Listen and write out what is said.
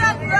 Sénégal